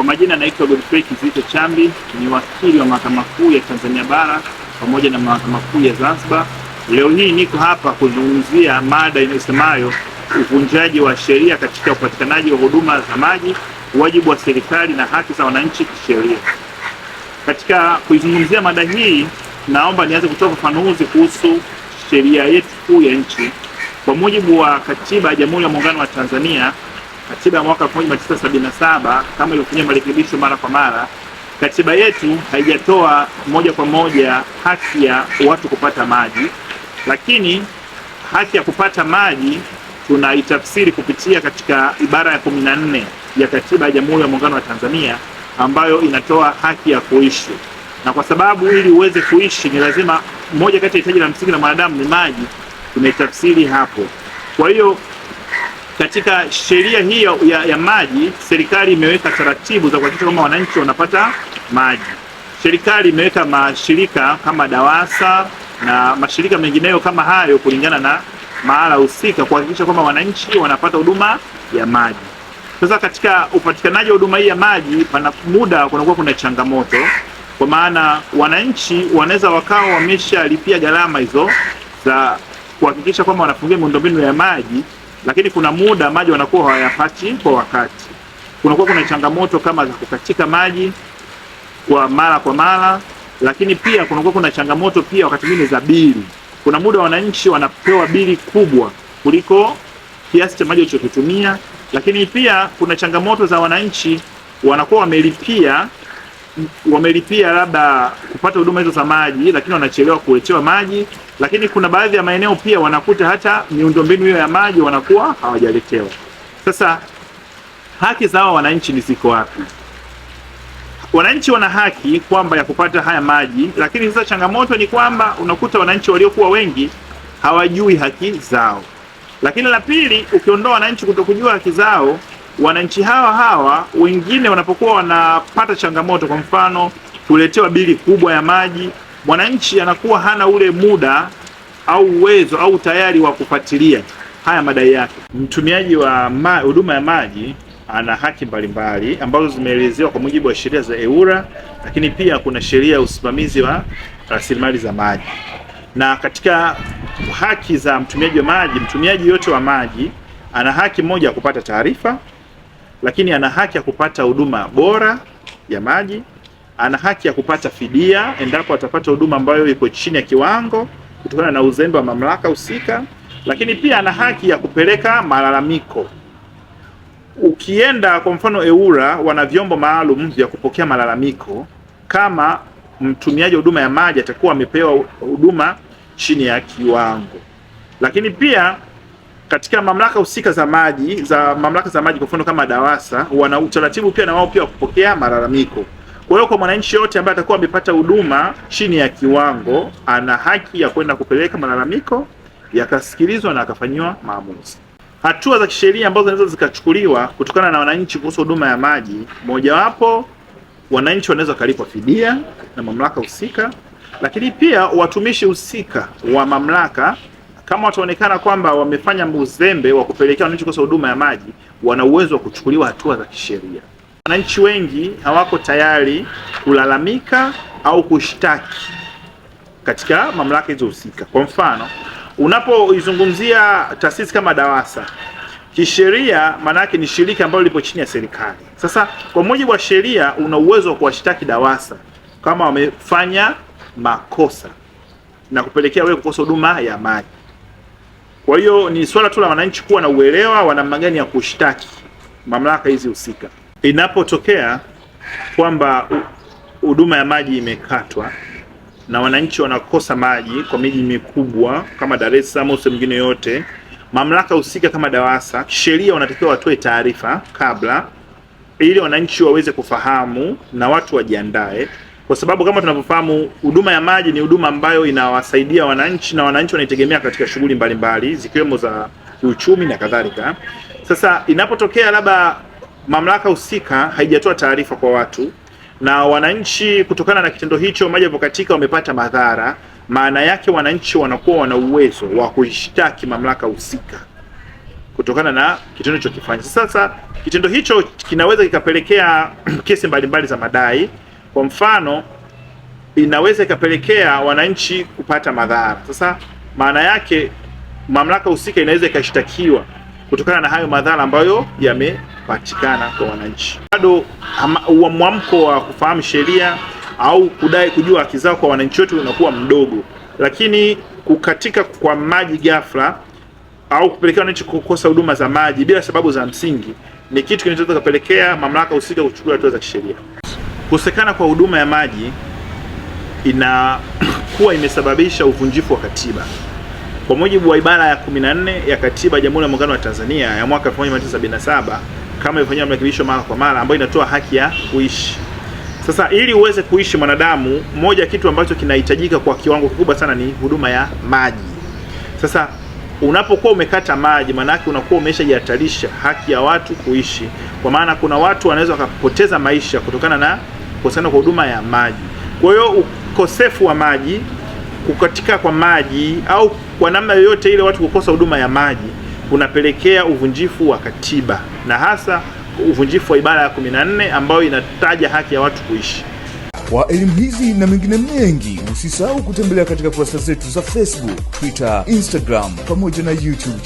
Kwa majina naitwa Godfrey Kizito Chambi, ni wakili wa Mahakama Kuu ya Tanzania Bara pamoja na Mahakama Kuu ya Zanzibar. Leo hii niko hapa kuzungumzia mada inayosemayo uvunjaji wa sheria katika upatikanaji wa huduma za maji, wajibu wa serikali na haki za wananchi kisheria. Katika kuizungumzia mada hii, naomba nianze kutoa ufafanuzi kuhusu sheria yetu kuu ya nchi. Kwa mujibu wa Katiba ya Jamhuri ya Muungano wa Tanzania katiba ya mwaka 1977 kama iliyofanyia marekebisho mara kwa mara, katiba yetu haijatoa moja kwa moja haki ya watu kupata maji, lakini haki ya kupata maji tunaitafsiri kupitia katika ibara ya 14 ya katiba ya Jamhuri ya Muungano wa Tanzania ambayo inatoa haki ya kuishi, na kwa sababu ili uweze kuishi ni lazima, moja kati ya hitaji la msingi la mwanadamu ni maji, tumetafsiri hapo. Kwa hiyo katika sheria hii ya, ya maji serikali imeweka taratibu za kuhakikisha kwamba wananchi wanapata maji. Serikali imeweka mashirika kama DAWASA na mashirika mengineyo kama hayo kulingana na mahala husika kuhakikisha kwamba wananchi wanapata huduma ya maji. Sasa katika upatikanaji wa huduma hii ya maji, pana muda kunakuwa kuna changamoto, kwa maana wananchi wanaweza wakawa wameshalipia gharama hizo za kuhakikisha kwamba wanafungia miundombinu ya maji lakini kuna muda maji wanakuwa hawayapati kwa wakati. Kunakuwa kuna changamoto kama za kukatika maji kwa mara kwa mara, lakini pia kunakuwa kuna changamoto pia wakati mwingine za bili. Kuna muda wananchi wanapewa bili kubwa kuliko kiasi cha maji walichokitumia, lakini pia kuna changamoto za wananchi wanakuwa wamelipia wamelipia labda kupata huduma hizo za maji, lakini wanachelewa kuletewa maji lakini kuna baadhi ya maeneo pia wanakuta hata miundombinu hiyo ya maji wanakuwa hawajaletewa. Sasa haki za hawa wananchi ni ziko wapi? Wananchi wana haki kwamba ya kupata haya maji, lakini sasa changamoto ni kwamba unakuta wananchi waliokuwa wengi hawajui haki zao. Lakini la pili, ukiondoa wananchi kutokujua haki zao, wananchi hawa hawa wengine wanapokuwa wanapata changamoto, kwa mfano kuletewa bili kubwa ya maji, mwananchi anakuwa hana ule muda au uwezo au tayari wa kufuatilia haya madai yake. Mtumiaji wa huduma ya maji ana haki mbalimbali ambazo zimeelezewa kwa mujibu wa sheria za EWURA, lakini pia kuna sheria ya usimamizi wa rasilimali za maji. Na katika haki za mtumiaji wa maji, mtumiaji yote wa maji ana haki moja ya kupata taarifa, lakini ana haki ya kupata huduma bora ya maji, ana haki ya kupata fidia endapo atapata huduma ambayo iko chini ya kiwango kutokana na uzembe wa mamlaka husika, lakini pia ana haki ya kupeleka malalamiko. Ukienda kwa mfano EWURA wana vyombo maalum vya kupokea malalamiko kama mtumiaji wa huduma ya maji atakuwa amepewa huduma chini ya kiwango. Lakini pia katika mamlaka husika za maji za mamlaka za maji, kwa mfano kama DAWASA, wana utaratibu pia na wao pia wa kupokea malalamiko. Kwa hiyo kwa mwananchi yote ambaye atakuwa amepata huduma chini ya kiwango, ana haki ya kwenda kupeleka malalamiko yakasikilizwa na akafanyiwa maamuzi. Hatua za kisheria ambazo zinaweza zikachukuliwa kutokana na wananchi kuhusu huduma ya maji, mojawapo, wananchi wanaweza kalipwa fidia na mamlaka husika, lakini pia watumishi husika wa mamlaka kama wataonekana kwamba wamefanya uzembe wa kupelekea wananchi kukosa huduma ya maji, wana uwezo wa kuchukuliwa hatua za kisheria. Wananchi wengi hawako tayari kulalamika au kushtaki katika mamlaka hizo husika. Kwa mfano, unapoizungumzia taasisi kama DAWASA kisheria, maana ni shirika ambalo lipo chini ya serikali. Sasa kwa mujibu wa sheria, una uwezo wa kuwashtaki DAWASA kama wamefanya makosa na kupelekea wewe kukosa huduma ya maji. Kwa hiyo ni swala tu la wananchi kuwa na uelewa wa namna gani ya kushtaki mamlaka hizi husika inapotokea kwamba huduma ya maji imekatwa na wananchi wanakosa maji kwa miji mikubwa kama Dar es Salaam au sehemu nyingine yote, mamlaka husika kama DAWASA sheria wanatakiwa watoe taarifa kabla, ili wananchi waweze kufahamu na watu wajiandae, kwa sababu kama tunavyofahamu, huduma ya maji ni huduma ambayo inawasaidia wananchi na wananchi wanaitegemea katika shughuli mbalimbali zikiwemo za kiuchumi na kadhalika. Sasa inapotokea labda mamlaka husika haijatoa taarifa kwa watu na wananchi. Kutokana na kitendo hicho, maji yalipokatika wamepata madhara. Maana yake wananchi wanakuwa wana uwezo wa kuishtaki mamlaka husika kutokana na kitendo kifanya. Sasa kitendo hicho kinaweza kikapelekea kesi mbalimbali za madai. Kwa mfano, inaweza ikapelekea wananchi kupata madhara. Sasa maana yake mamlaka husika inaweza ikashtakiwa kutokana na hayo madhara ambayo yame kupatikana kwa wananchi. Bado mwamko wa kufahamu sheria au kudai kujua haki zao kwa wananchi wetu unakuwa mdogo, lakini kukatika kwa maji ghafla au kupelekea wananchi kukosa huduma za maji bila sababu za msingi ni kitu kinachoweza kupelekea mamlaka husika kuchukua hatua za kisheria. Kukosekana kwa huduma ya maji inakuwa imesababisha uvunjifu wa katiba kwa mujibu wa ibara ya 14 ya Katiba ya Jamhuri ya Muungano wa Tanzania ya mwaka 1977 kama imefanywa marekebisho mara kwa mara, ambayo inatoa haki ya kuishi. Sasa ili uweze kuishi mwanadamu, moja kitu ambacho kinahitajika kwa kiwango kikubwa sana ni huduma ya maji. Sasa unapokuwa umekata maji, maanake unakuwa umeshajihatarisha haki ya watu kuishi, kwa maana kuna watu wanaweza wakapoteza maisha kutokana na kukosekana kwa huduma ya maji. Kwa hiyo ukosefu wa maji, kukatika kwa maji, au kwa namna yoyote ile watu kukosa huduma ya maji kunapelekea uvunjifu wa katiba na hasa uvunjifu wa ibara ya 14 ambayo inataja haki ya watu kuishi. Kwa elimu hizi na mengine mengi, usisahau kutembelea katika kurasa zetu za Facebook, Twitter, Instagram pamoja na YouTube.